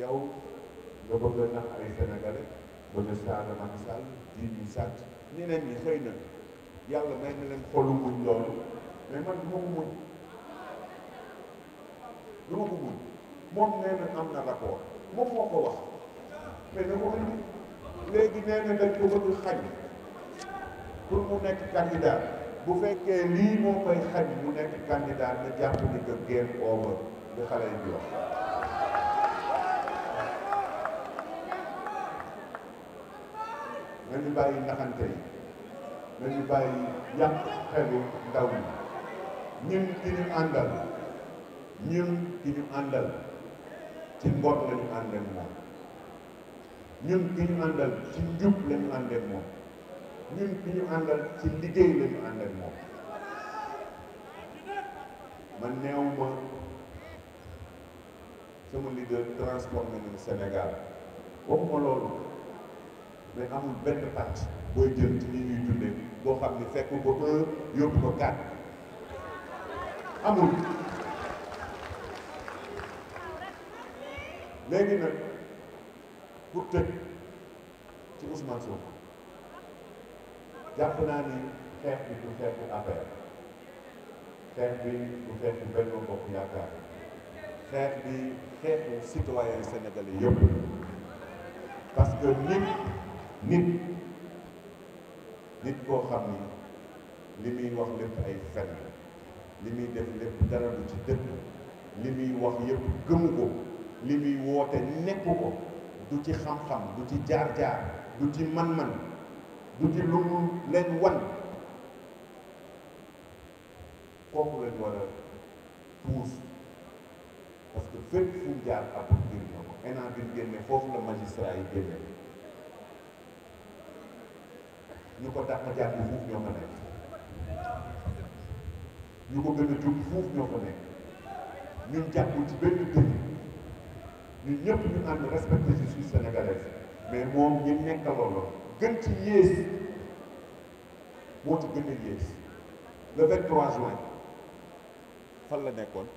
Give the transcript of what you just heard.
yow nga bëgg a nax ay sénégalais bëgg a saaga Macky Sall sàcc ñeneen ñi xëy na yàlla may na leen xolu muñ loolu mais man du ko muñ du ko muñ moom nee am na rapport moom moo ko wax mais na ko indi léegi nee na dañ ko bëgg xañ pour mu nekk candidat bu fekkee lii moo koy xañ mu nekk candidat nga jàpp ni que guerre over bi xale yi di wax nañu bàyyi naxante yi nañu bàyyi yàq xelu ndaw ñi ñun ki ñu àndal ñun ki ñu àndal ci mbot lañu àndal moom ñun ki ñu àndal ci njub lañu àndal moom ci liggéey lañu àndal moom man neew ma sama leader transformé na Sénégal waxuma loolu mais amul benn pàcc booy jël ci li ñuy dundee boo xam ne fekk ko un yóbbu ko quatre amul léegi nag pour tëj ci Ousmane Sonko jàpp naa ni xeex bi du xeexu affaire xeex bi du xeexu benn bokk yaakaar xeex bi xeexu citoyen sénégalais yëpp parce que nit nit nit koo xam ni li muy wax lépp ay fen li muy def lépp dara du ci dëkk li muy wax yépp gëmu ko li muy woote nekku ko du ci xam-xam du ci jaar-jaar du ci man-man du ci lum mu leen wan kooku leen war a puus parce que fépp fu mu jaar ab biir na ko énaa bi génne foofu la magistrat yi génne ñu ko dàq jàng fuuf ñoo fa nekk ñu ko gën a jub fuuf ñoo fa nekk ñun jàppul ci benn dëkk ñun ñëpp ñu ànd respecté justice sénégalaise mais moom ñu nekk loolu gën ci yées moo ci gën a yées le 23 juin fan la nekkoon.